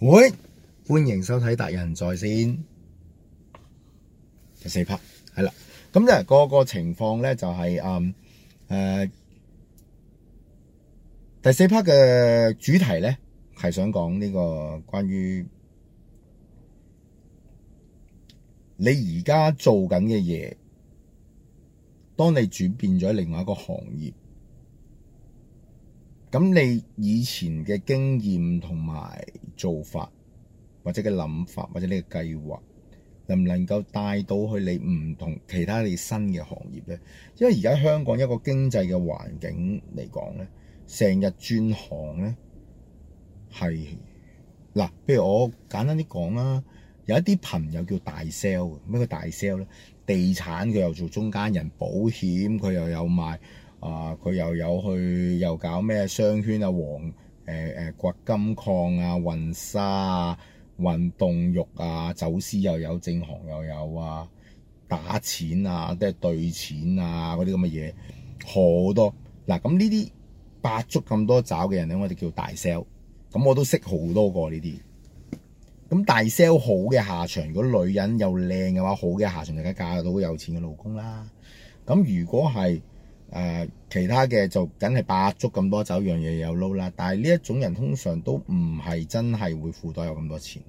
會、哎、歡迎收睇達仁在線第四 part 係啦，咁即係個個情況咧就係誒誒第四 part 嘅主題咧係想講呢個關於你而家做緊嘅嘢，當你轉變咗另外一個行業，咁你以前嘅經驗同埋做法或者嘅諗法或者呢個計劃，能唔能夠帶到去你唔同其他你新嘅行業咧？因為而家香港一個經濟嘅環境嚟講咧，成日轉行咧係嗱，譬如我簡單啲講啦，有一啲朋友叫大 s a l e 咩叫大 s a l e 咧？地產佢又做中間人，保險，佢又有賣啊，佢又有去又搞咩商圈啊，黃。誒誒，掘金礦啊，運沙啊，運凍肉啊，走私又有，正行又有啊，打錢啊，即係兌錢啊，嗰啲咁嘅嘢好多。嗱，咁呢啲百足咁多爪嘅人咧，我哋叫大 sell。咁我都識好多個呢啲。咁大 sell 好嘅下場，如果女人又靚嘅話，好嘅下場就梗嫁到有錢嘅老公啦。咁如果係，誒、呃，其他嘅就梗係百足咁多走樣嘢有撈啦。但係呢一種人通常都唔係真係會富到有咁多錢，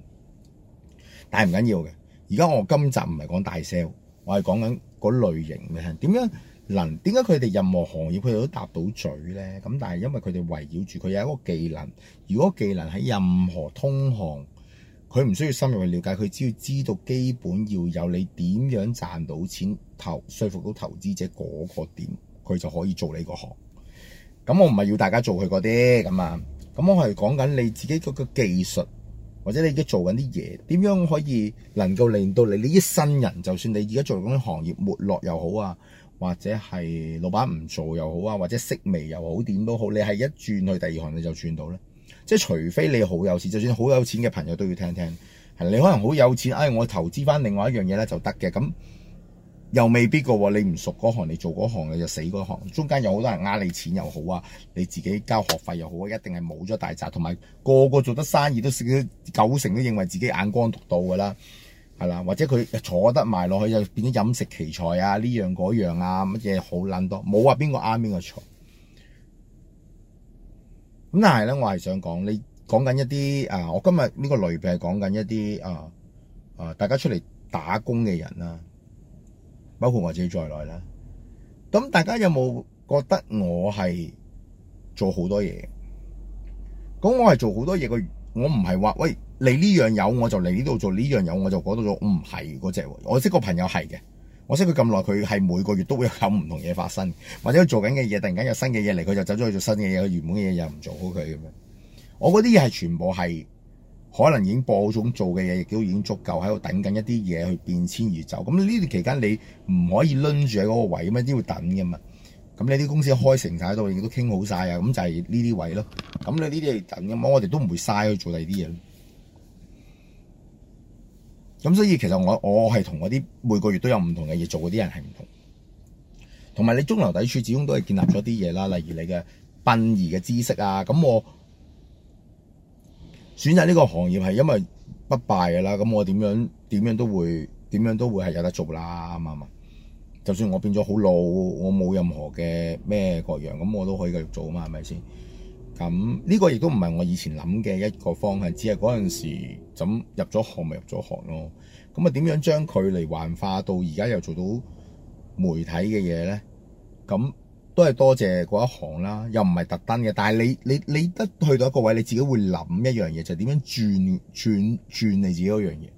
但係唔緊要嘅。而家我今集唔係講大 sell，我係講緊嗰類型嘅。點樣能？點解佢哋任何行業佢哋都搭到嘴呢？咁但係因為佢哋圍繞住佢有一個技能。如果技能喺任何通行，佢唔需要深入去了解，佢只要知道基本要有你點樣賺到錢，投說服到投資者嗰個點。佢就可以做呢個行，咁我唔係要大家做佢嗰啲咁啊，咁我係講緊你自己嗰個技術，或者你而家做緊啲嘢，點樣可以能夠令到你呢一生人，就算你而家做緊啲行業沒落又好啊，或者係老闆唔做又好啊，或者息微又好，點都好，你係一轉去第二行你就轉到呢。即係除非你好有錢，就算好有錢嘅朋友都要聽聽，你可能好有錢，哎我投資翻另外一樣嘢呢就得嘅咁。又未必嘅喎，你唔熟嗰行，你做嗰行你就死嗰行。中間有好多人呃你錢又好啊，你自己交學費又好啊，一定係冇咗大賺。同埋個個做得生意都少，九成都認為自己眼光獨到嘅啦，係啦，或者佢坐得埋落去就變咗飲食奇才啊，呢樣嗰樣啊，乜嘢好撚多，冇話邊個啱邊個錯。咁但係咧，我係想講，你講緊一啲啊，我今日呢個類別係講緊一啲啊啊，大家出嚟打工嘅人啦。包括我自己在內啦。咁大家有冇覺得我係做好多嘢？咁我係做好多嘢嘅。我唔係話喂，你呢樣有我就嚟呢度做呢樣有我就講到咗，唔係嗰隻。我識個朋友係嘅，我識佢咁耐，佢係每個月都會有唔同嘢發生，或者佢做緊嘅嘢突然間有新嘅嘢嚟，佢就走咗去做新嘅嘢，原本嘅嘢又唔做好佢咁樣。Okay? 我嗰啲嘢係全部係。可能已經播種做嘅嘢，亦都已經足夠喺度等緊一啲嘢去變遷而走。咁呢段期間，你唔可以輪住喺嗰個位咁樣，都要等噶嘛。咁你啲公司開成曬度，亦都傾好晒啊。咁就係呢啲位咯。咁你呢啲係等噶嘛，我哋都唔會嘥去做第二啲嘢。咁所以其實我我係同嗰啲每個月都有唔同嘅嘢做嗰啲人係唔同。同埋你中流砥柱，始終都係建立咗啲嘢啦，例如你嘅殯儀嘅知識啊，咁我。選擇呢個行業係因為不敗㗎啦，咁我點樣點樣都會點樣都會係有得做啦，啱唔啱？就算我變咗好老，我冇任何嘅咩各樣，咁我都可以繼續做啊嘛，係咪先？咁呢個亦都唔係我以前諗嘅一個方向，只係嗰陣時咁入咗行咪入咗行咯。咁啊點樣將佢嚟幻化到而家又做到媒體嘅嘢咧？咁。都係多謝嗰一行啦，又唔係特登嘅。但係你你你得去到一個位，你自己會諗一樣嘢，就係點樣轉轉轉你自己嗰樣嘢。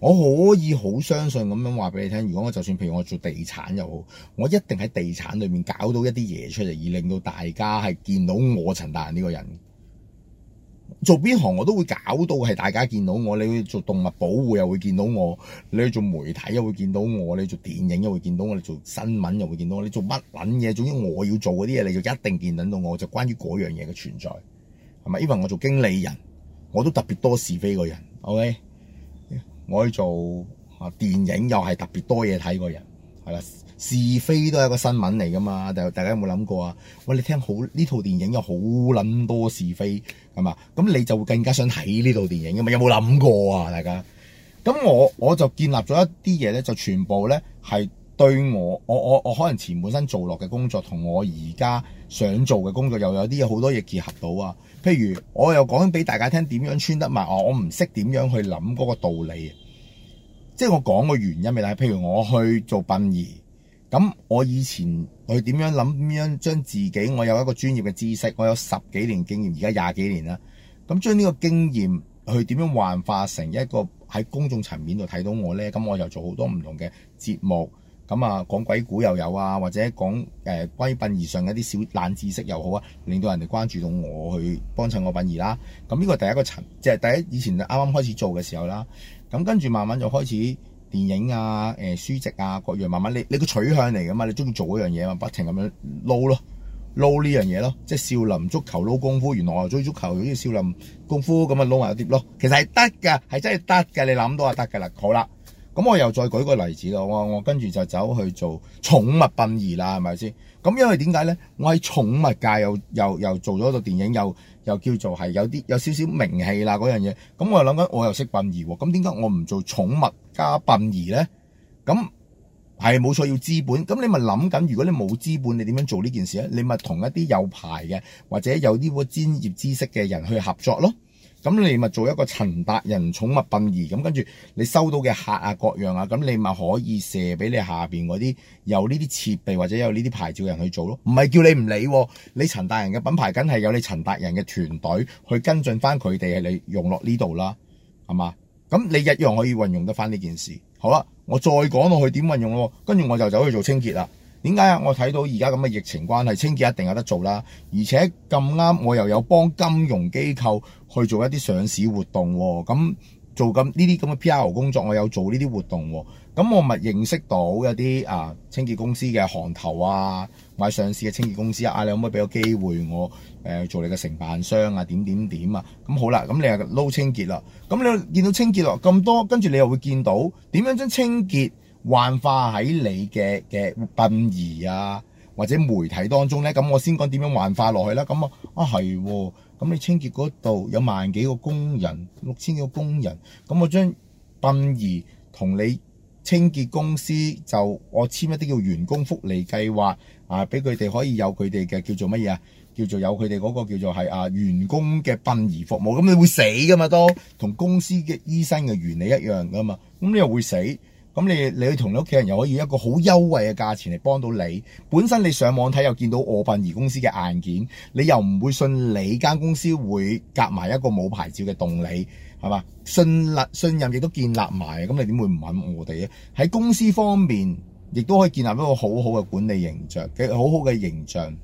我可以好相信咁樣話俾你聽。如果我就算譬如我做地產又好，我一定喺地產裏面搞到一啲嘢出嚟，而令到大家係見到我陳達仁呢個人。做邊行我都會搞到係大家見到我，你去做動物保護又會見到我，你去做媒體又會見到我，你做電影又會見到我，你做新聞又會見到我，你做乜撚嘢？總之我要做嗰啲嘢，你就一定見到我，就關於嗰樣嘢嘅存在，係咪？因為我做經理人，我都特別多是非個人，OK？我去做啊電影又係特別多嘢睇個人，係啦。是非都係一個新聞嚟㗎嘛？但大家有冇諗過啊？喂，你聽好呢套電影有好撚多是非係嘛？咁你就會更加想睇呢套電影㗎嘛？有冇諗過啊？大家，咁我我就建立咗一啲嘢咧，就全部咧係對我我我我可能前半生做落嘅工作，同我而家想做嘅工作又有啲好多嘢結合到啊。譬如我又講俾大家聽點樣穿得埋，我我唔識點樣去諗嗰個道理，即係我講個原因咪啦。但譬如我去做殯儀。咁我以前去點樣諗，點樣將自己，我有一個專業嘅知識，我有十幾年經驗，而家廿幾年啦。咁將呢個經驗去點樣幻化成一個喺公眾層面度睇到我呢？咁我就做好多唔同嘅節目，咁啊講鬼故又有啊，或者講誒、呃、關於殯儀上嘅一啲小冷知識又好啊，令到人哋關注到我去幫襯我殯儀啦。咁呢個第一個層，即係第一以前啱啱開始做嘅時候啦。咁跟住慢慢就開始。電影啊，誒、欸、書籍啊，各樣慢慢，你你個取向嚟噶嘛，你中意做嗰樣嘢嘛，不停咁樣撈咯，撈呢樣嘢咯，即係少林足球撈功夫，原來我中意足球，好似少林功夫咁啊撈埋一碟咯，其實係得㗎，係真係得㗎，你諗到就得㗎啦，好啦，咁我又再舉個例子咯，我我跟住就走去做寵物殯儀啦，係咪先？咁因為點解咧？我喺寵物界又又又做咗個電影，又又叫做係有啲有，有少少名氣啦嗰樣嘢。咁我又諗緊，我又識殯儀喎。咁點解我唔做寵物加殯儀咧？咁係冇錯，要資本。咁你咪諗緊，如果你冇資本，你點樣做呢件事咧？你咪同一啲有牌嘅或者有呢個專業知識嘅人去合作咯。咁你咪做一個陳達仁寵物殯儀咁，跟住你收到嘅客啊各樣啊，咁你咪可以射俾你下邊嗰啲有呢啲設備或者有呢啲牌照嘅人去做咯。唔係叫你唔理，你陳達仁嘅品牌梗係有你陳達仁嘅團隊去跟進翻佢哋，你用落呢度啦，係嘛？咁你一樣可以運用得翻呢件事。好啦，我再講落去點運用咯，跟住我就走去做清潔啦。點解啊？我睇到而家咁嘅疫情關係，清潔一定有得做啦。而且咁啱我又有幫金融機構。去做一啲上市活動喎，咁做緊呢啲咁嘅 PR 工作，我有做呢啲活動喎，咁我咪認識到有啲啊清潔公司嘅行頭啊，買上市嘅清潔公司啊，你可唔可以俾個機會我誒、啊、做你嘅承辦商啊？點點點啊，咁好啦，咁你又撈清潔啦，咁你見到清潔咯咁多，跟住你又會見到點樣將清潔幻化喺你嘅嘅殯儀啊？或者媒體當中呢，咁我先講點樣幻化落去啦。咁我啊係，咁你清潔嗰度有萬幾個工人，六千幾個工人，咁我將殯儀同你清潔公司就我簽一啲叫員工福利計劃啊，俾佢哋可以有佢哋嘅叫做乜嘢啊？叫做有佢哋嗰個叫做係啊員工嘅殯儀服務。咁你會死噶嘛都，同公司嘅醫生嘅原理一樣噶嘛，咁你又會死。咁你你去同你屋企人又可以一個好優惠嘅價錢嚟幫到你。本身你上網睇又見到我殯儀公司嘅硬件，你又唔會信你間公司會夾埋一個冇牌照嘅代理係嘛？信信任亦都建立埋，咁你點會唔搵我哋咧？喺公司方面亦都可以建立一個好好嘅管理形象，嘅好好嘅形象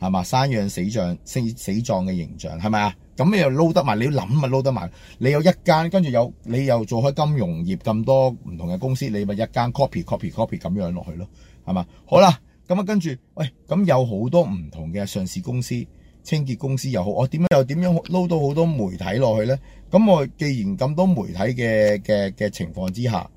係嘛？生養死像，死死狀嘅形象係咪啊？咁你又撈得埋？你要諗咪撈得埋？你有一間，跟住有你又做開金融業咁多唔同嘅公司，你咪一間 copy copy copy 咁樣落去咯，係嘛？好啦，咁啊跟住，喂、欸，咁有好多唔同嘅上市公司、清潔公司又好，我點樣又點樣撈到好多媒體落去咧？咁我既然咁多媒體嘅嘅嘅情況之下，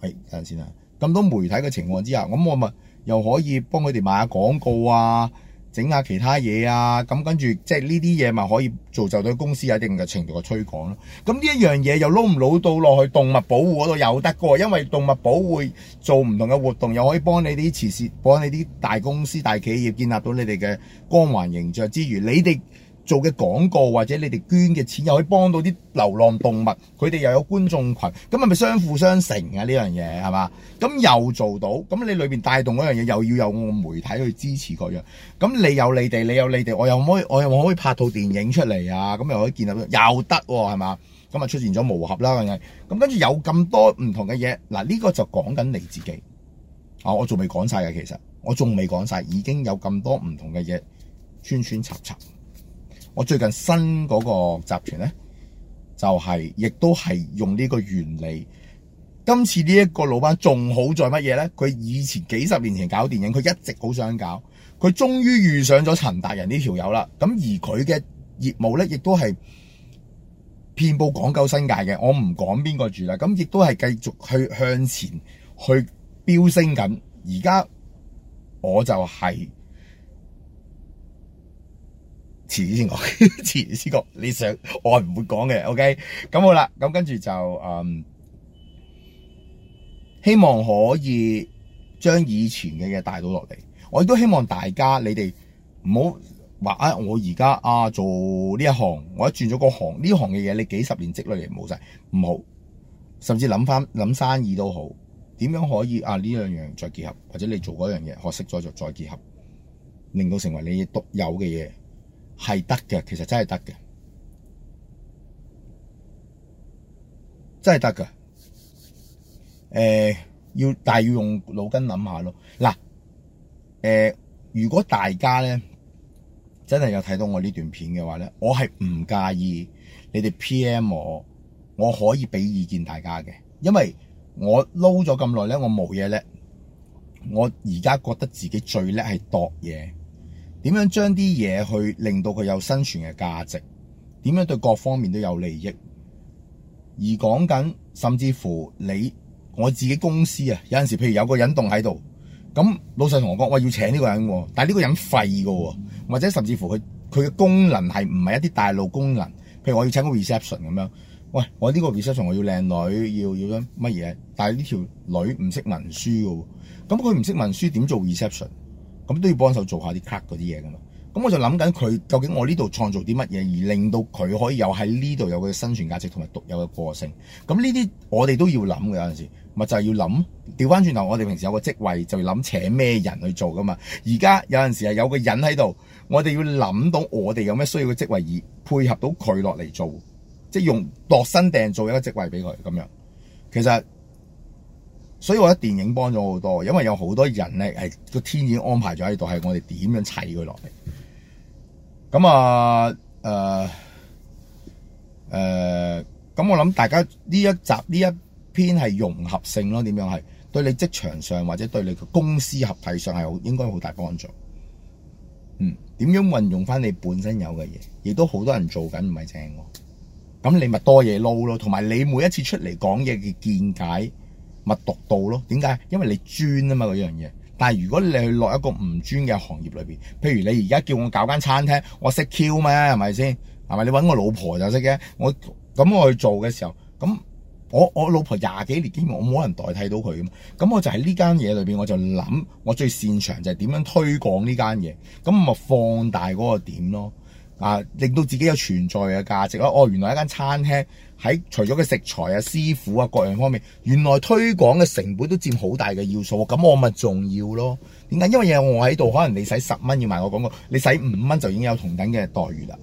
係、欸、等陣先啊，咁多媒體嘅情況之下，咁我咪又可以幫佢哋買下廣告啊？整下其他嘢啊，咁跟住即係呢啲嘢咪可以做就對公司有一定嘅程度嘅推廣咯。咁呢一樣嘢又撈唔撈到落去動物保護嗰度又得㗎，因為動物保護做唔同嘅活動又可以幫你啲慈善，幫你啲大公司大企業建立到你哋嘅光環形象之餘，你哋，做嘅廣告或者你哋捐嘅錢又可以幫到啲流浪動物，佢哋又有觀眾群，咁係咪相輔相成啊？呢樣嘢係嘛？咁又做到，咁你裏邊帶動嗰樣嘢，又要有我媒體去支持嗰樣，咁你有你哋，你有你哋，我又可以，我又可以拍套電影出嚟啊！咁又可以建立，又得喎、啊，係嘛？咁啊出現咗磨合啦，咁跟住有咁多唔同嘅嘢，嗱、這、呢個就講緊你自己啊、哦！我仲未講晒嘅，其實我仲未講晒，已經有咁多唔同嘅嘢穿穿插插。串串串串串我最近新嗰個集團呢，就係、是、亦都係用呢個原理。今次呢一個老闆仲好在乜嘢呢？佢以前幾十年前搞電影，佢一直好想搞，佢終於遇上咗陳達仁呢條友啦。咁而佢嘅業務呢，亦都係遍佈港九新界嘅。我唔講邊個住啦，咁亦都係繼續去向前去飆升緊。而家我就係、是。遲先講，遲先講。你想我係唔會講嘅。OK，咁好啦。咁跟住就誒、嗯，希望可以將以前嘅嘢帶到落嚟。我亦都希望大家你哋唔好話啊。我而家啊做呢一行，我一轉咗個行呢行嘅嘢，你幾十年積累嚟冇晒唔好，甚至諗翻諗生意都好，點樣可以啊？呢兩樣再結合，或者你做嗰樣嘢學識咗就再結合，令到成為你獨有嘅嘢。係得嘅，其實真係得嘅，真係得嘅。誒、呃，要但係要用腦筋諗下咯。嗱，誒、呃，如果大家咧真係有睇到我呢段片嘅話咧，我係唔介意你哋 PM 我，我可以俾意見大家嘅，因為我撈咗咁耐咧，我冇嘢叻，我而家覺得自己最叻係度嘢。點樣將啲嘢去令到佢有生存嘅價值？點樣對各方面都有利益？而講緊甚至乎你我自己公司啊，有陣時譬如有個引動喺度，咁老細同我講：喂，要請呢個人，但係呢個人廢㗎，或者甚至乎佢佢嘅功能係唔係一啲大路功能？譬如我要請個 reception 咁樣，喂，我呢個 reception 我要靚女，要要乜嘢？但係呢條女唔識文書㗎，咁佢唔識文書點做 reception？咁都要幫手做下啲卡嗰啲嘢噶嘛，咁我就諗緊佢究竟我呢度創造啲乜嘢，而令到佢可以有喺呢度有佢生存價值同埋獨有嘅個性。咁呢啲我哋都要諗嘅有陣時，咪就係要諗調翻轉頭，我哋平時有個職位就諗請咩人去做噶嘛。而家有陣時係有個人喺度，我哋要諗到我哋有咩需要嘅職位而配合到佢落嚟做，即係用度身訂做一個職位俾佢咁樣。其實。所以我覺得電影幫咗好多，因為有好多人咧係個天已經安排咗喺度，係我哋點樣砌佢落嚟。咁啊，誒、呃、誒，咁、呃、我諗大家呢一集呢一篇係融合性咯，點樣係對你職場上或者對你個公司合體上係應該好大幫助。嗯，點樣運用返你本身有嘅嘢，亦都好多人做緊唔係正喎。咁你咪多嘢撈咯，同埋你每一次出嚟講嘢嘅見解。咪讀到咯，點解？因為你專啊嘛嗰樣嘢。但係如果你去落一個唔專嘅行業裏邊，譬如你而家叫我搞間餐廳，我識 Q 咩？係咪先？係咪？你揾我老婆就識嘅。我咁我去做嘅時候，咁我我老婆廿幾年經驗，我冇人代替到佢嘅。咁我就喺呢間嘢裏邊，我就諗我最擅長就係點樣推廣呢間嘢，咁咪放大嗰個點咯。啊！令到自己有存在嘅價值啦。哦，原來一間餐廳喺除咗嘅食材啊、師傅啊各樣方面，原來推廣嘅成本都佔好大嘅要素。咁、哦、我咪重要咯？點解？因為有我喺度，可能你使十蚊要買我廣告，你使五蚊就已經有同等嘅待遇啦。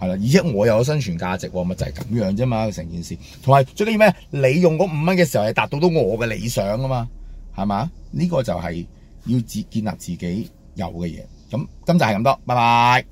係啦，而且我又有生存價值，咪、哦哦、就係、是、咁樣啫嘛。成件事同埋最緊要咩？你用嗰五蚊嘅時候係達到到我嘅理想啊嘛。係嘛？呢、這個就係要自建立自己有嘅嘢。咁今集係咁多，拜拜。